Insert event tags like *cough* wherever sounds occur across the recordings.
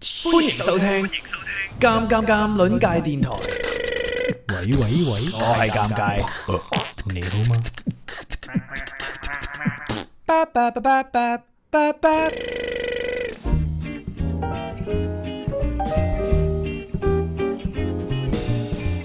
歡迎收聽尷尷尷論界電台。喂喂喂，喂喂我係尷尬， *laughs* 你好嗎？ *laughs*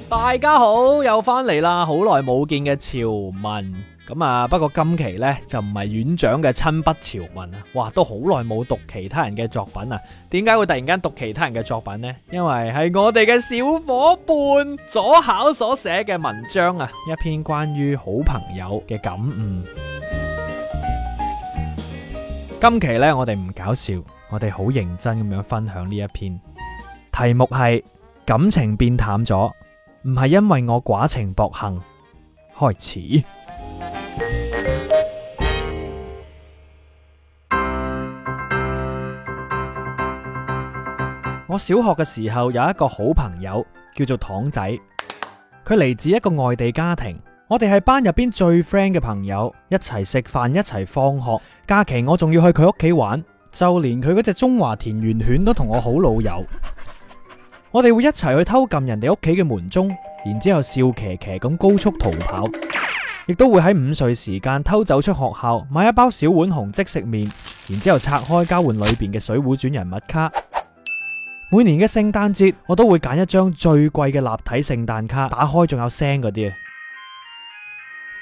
大家好，又翻嚟啦，好耐冇見嘅潮文。咁啊！不過今期呢，就唔係院長嘅親筆潮文啊，哇，都好耐冇讀其他人嘅作品啊。點解會突然間讀其他人嘅作品呢？因為係我哋嘅小夥伴左考所寫嘅文章啊，一篇關於好朋友嘅感悟。今期呢，我哋唔搞笑，我哋好認真咁樣分享呢一篇，題目係感情變淡咗，唔係因為我寡情薄幸。開始。我小學嘅時候有一個好朋友叫做糖仔，佢嚟自一個外地家庭，我哋係班入邊最 friend 嘅朋友，一齊食飯，一齊放學，假期我仲要去佢屋企玩，就連佢嗰隻中華田園犬都同我好老友。我哋會一齊去偷撳人哋屋企嘅門鐘，然之後笑騎騎咁高速逃跑。亦都會喺午睡時間偷走出學校買一包小浣熊即食麵，然之後拆開交換裏邊嘅水滸傳人物卡。每年嘅聖誕節，我都會揀一張最貴嘅立體聖誕卡，打開仲有聲嗰啲。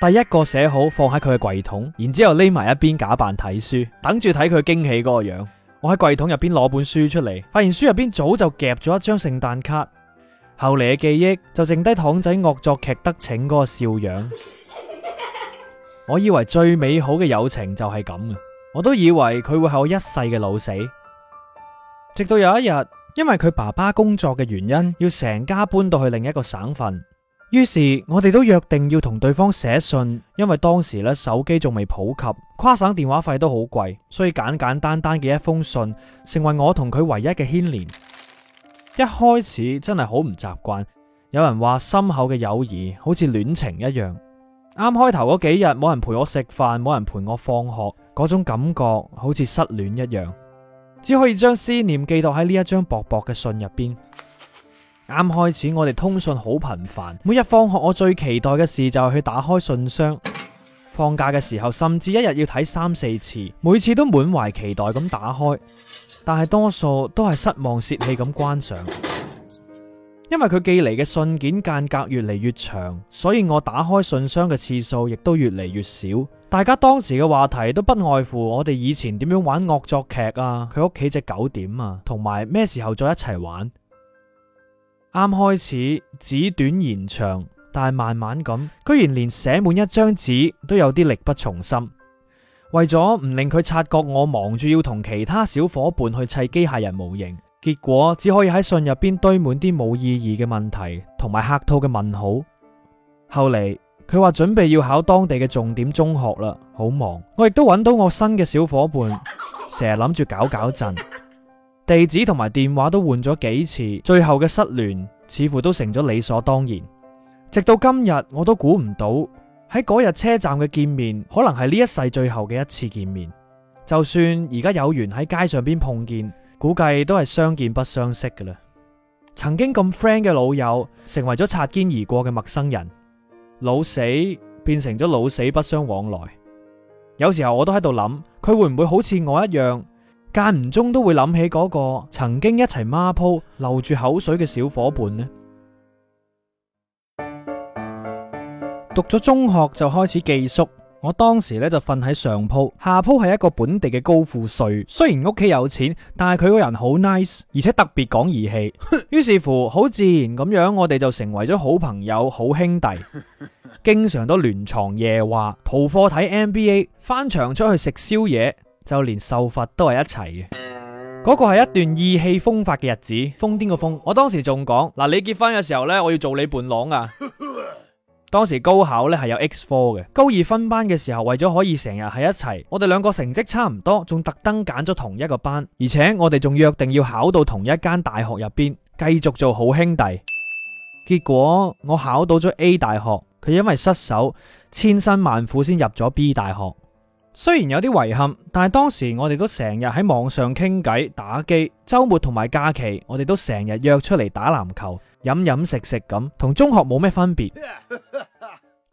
第一個寫好放喺佢嘅櫃桶，然之後匿埋一邊假扮睇書，等住睇佢驚喜嗰個樣。我喺櫃桶入邊攞本書出嚟，發現書入邊早就夾咗一張聖誕卡。後嚟嘅記憶就剩低堂仔惡作劇得逞嗰個笑樣。 *laughs* 我以為最美好嘅友情就係咁嘅，我都以為佢會係我一世嘅老死。直到有一日，因為佢爸爸工作嘅原因，要成家搬到去另一個省份，於是我哋都約定要同對方寫信。因為當時咧手機仲未普及，跨省電話費都好貴，所以簡簡單單嘅一封信，成為我同佢唯一嘅牽連。一開始真係好唔習慣。有人話深厚嘅友誼好似戀情一樣。啱開頭嗰幾日，冇人陪我食飯，冇人陪我放學，嗰種感覺好似失戀一樣，只可以將思念寄託喺呢一張薄薄嘅信入邊。啱開始我哋通訊好頻繁，每日放學我最期待嘅事就係去打開信箱。放假嘅時候，甚至一日要睇三四次，每次都滿懷期待咁打開，但係多數都係失望泄氣咁關上。因為佢寄嚟嘅信件間隔越嚟越長，所以我打開信箱嘅次數亦都越嚟越少。大家當時嘅話題都不外乎我哋以前點樣玩惡作劇啊，佢屋企隻狗點啊，同埋咩時候再一齊玩。啱開始紙短言長，但係慢慢咁，居然連寫滿一張紙都有啲力不從心。為咗唔令佢察覺，我忙住要同其他小夥伴去砌機械人模型。結果只可以喺信入邊堆滿啲冇意義嘅問題同埋客套嘅問號。後嚟佢話準備要考當地嘅重點中學啦，好忙。我亦都揾到我新嘅小伙伴，成日諗住搞搞震，地址同埋電話都換咗幾次，最後嘅失聯似乎都成咗理所當然。直到今日，我都估唔到喺嗰日車站嘅見面，可能係呢一世最後嘅一次見面。就算而家有緣喺街上邊碰見。估計都係相見不相識嘅啦。曾經咁 friend 嘅老友，成為咗擦肩而過嘅陌生人，老死變成咗老死不相往來。有時候我都喺度諗，佢會唔會好似我一樣，間唔中都會諗起嗰個曾經一齊孖鋪流住口水嘅小伙伴呢？讀咗中學就開始寄宿。我當時咧就瞓喺上鋪，下鋪係一個本地嘅高富帥，雖然屋企有錢，但係佢個人好 nice，而且特別講義氣，於 *laughs* 是乎好自然咁樣，我哋就成為咗好朋友、好兄弟，經常都聯床夜話、逃課睇 NBA、翻牆出去食宵夜，就連受罰都係一齊嘅。嗰 *noise* 個係一段意氣風發嘅日子，瘋癲個瘋。我當時仲講嗱，你結婚嘅時候呢，我要做你伴郎啊。 *laughs* 當時高考咧係有 X 科嘅。高二分班嘅時候，為咗可以成日喺一齊，我哋兩個成績差唔多，仲特登揀咗同一個班，而且我哋仲約定要考到同一間大學入邊，繼續做好兄弟。結果我考到咗 A 大學，佢因為失手，千辛萬苦先入咗 B 大學。雖然有啲遺憾，但係當時我哋都成日喺網上傾偈打機，周末同埋假期，我哋都成日約出嚟打籃球。飲飲食食咁，同中學冇咩分別。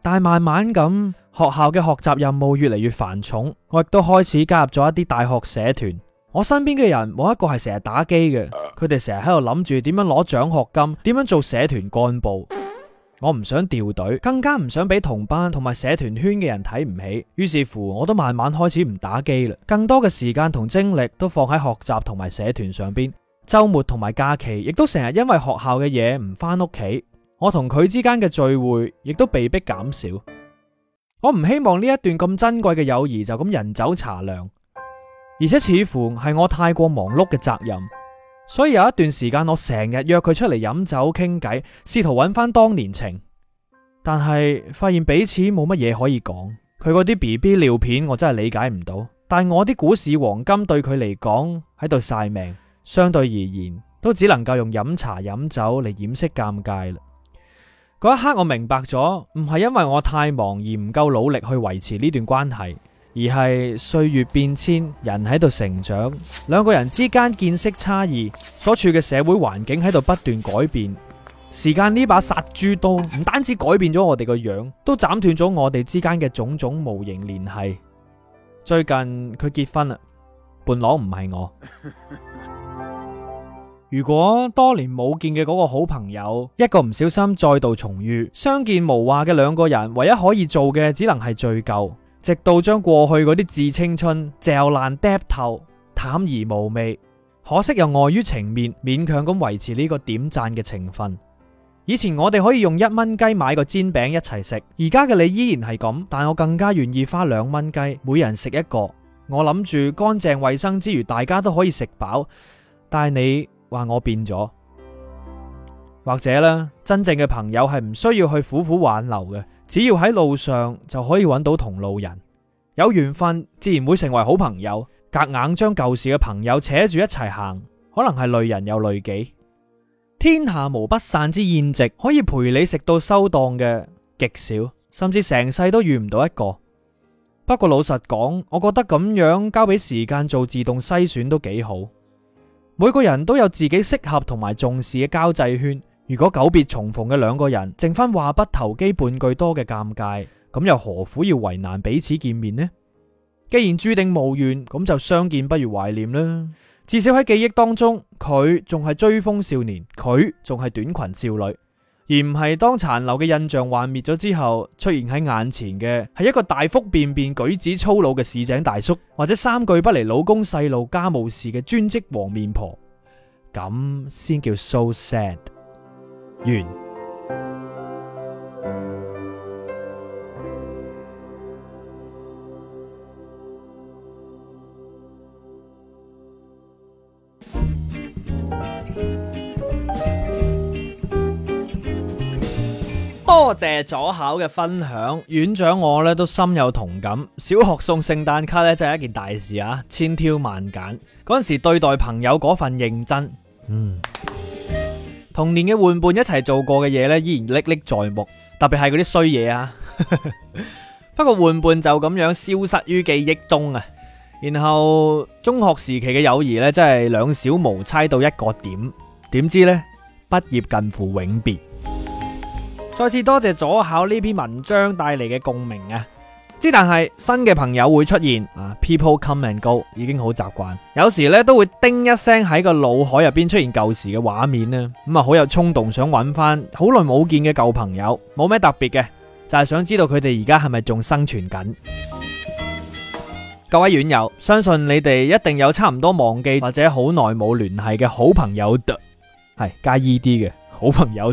但慢慢咁，學校嘅學習任務越嚟越繁重，我亦都開始加入咗一啲大學社團。我身邊嘅人冇一個係成日打機嘅，佢哋成日喺度諗住點樣攞獎學金，點樣做社團幹部。我唔想掉隊，更加唔想俾同班同埋社團圈嘅人睇唔起。於是乎，我都慢慢開始唔打機啦，更多嘅時間同精力都放喺學習同埋社團上邊。周末同埋假期，亦都成日因為學校嘅嘢唔翻屋企。我同佢之間嘅聚會亦都被迫減少。我唔希望呢一段咁珍貴嘅友誼就咁人走茶涼，而且似乎係我太過忙碌嘅責任。所以有一段時間，我成日約佢出嚟飲酒傾偈，試圖揾翻當年情，但係發現彼此冇乜嘢可以講。佢嗰啲 BB 尿片我真係理解唔到，但我啲股市黃金對佢嚟講喺度晒命。相對而言，都只能夠用飲茶飲酒嚟掩飾尷尬啦。嗰一刻我明白咗，唔係因為我太忙而唔夠努力去維持呢段關係，而係歲月變遷，人喺度成長，兩個人之間見識差異，所處嘅社會環境喺度不斷改變。時間呢把殺豬刀，唔單止改變咗我哋個樣，都斬斷咗我哋之間嘅種種無形聯繫。最近佢結婚啦，伴郎唔係我。 *laughs* 如果多年冇見嘅嗰個好朋友一個唔小心再度重遇，相見無話嘅兩個人，唯一可以做嘅只能係敘舊，直到將過去嗰啲致青春嚼爛嗒透，淡而無味。可惜又礙於情面，勉強咁維持呢個點讚嘅情分。以前我哋可以用一蚊雞買個煎餅一齊食，而家嘅你依然係咁，但我更加願意花兩蚊雞，每人食一個。我諗住乾淨衛生之餘，大家都可以食飽，但係你。話我變咗。或者呢，真正嘅朋友係唔需要去苦苦挽留嘅，只要喺路上就可以揾到同路人，有緣分自然會成為好朋友。夾硬將舊時嘅朋友扯住一齊行，可能係累人又累己。天下無不散之宴席，可以陪你食到收檔嘅極少，甚至成世都遇唔到一個。不過老實講，我覺得咁樣交俾時間做自動篩選都幾好。每個人都有自己適合同埋重視嘅交際圈。如果久別重逢嘅兩個人，剩翻話不投機半句多嘅尷尬，咁又何苦要為難彼此見面呢？既然注定無緣，咁就相見不如懷念啦。至少喺記憶當中，佢仲係追風少年，佢仲係短裙少女。而唔係當殘留嘅印象幻滅咗之後，出現喺眼前嘅係一個大腹便便、舉止粗魯嘅市井大叔，或者三句不離老公、細路、家務事嘅專職黃面婆，咁先叫 so sad 完。多謝左考嘅分享，院長我咧都心有同感。小學送聖誕卡咧真係一件大事啊，千挑萬揀。嗰時對待朋友嗰份認真，嗯，童年嘅玩伴一齊做過嘅嘢咧依然歷歷在目，特別係嗰啲衰嘢啊。 *laughs* 不過玩伴就咁樣消失於記憶中啊。然後中學時期嘅友誼咧真係兩小無猜到一個點，點知咧畢業近乎永別。再次多謝左考呢篇文章帶嚟嘅共鳴啊！之但係新嘅朋友會出現啊，people come and go 已經好習慣，有時咧都會叮一聲喺個腦海入邊出現舊時嘅畫面呢，咁啊好有衝動想揾翻好耐冇見嘅舊朋友，冇咩特別嘅，就係、是、想知道佢哋而家係咪仲生存緊？各位院友，相信你哋一定有差唔多忘記或者好耐冇聯繫嘅好朋友係加 E D 嘅好朋友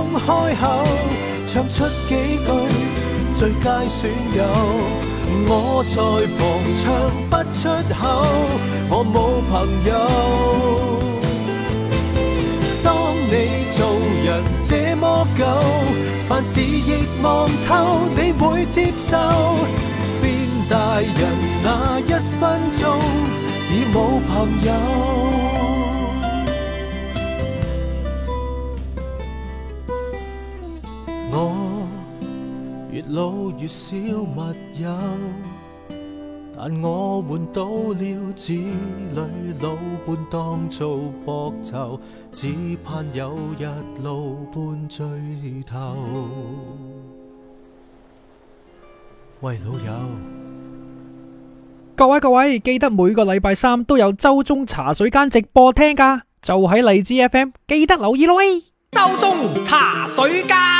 開口唱出幾句最佳損友，我在旁唱不出口，我冇朋友。當你做人這麼久，凡事亦望透，你會接受變大人那一分鐘，已冇朋友。我越老越少密友，但我換到了子女老伴當做博酬，只盼有日老伴聚頭。喂，老友，各位各位記得每個禮拜三都有周中茶水間直播聽噶，就喺荔枝 FM，記得留意咯，喂，周中茶水間。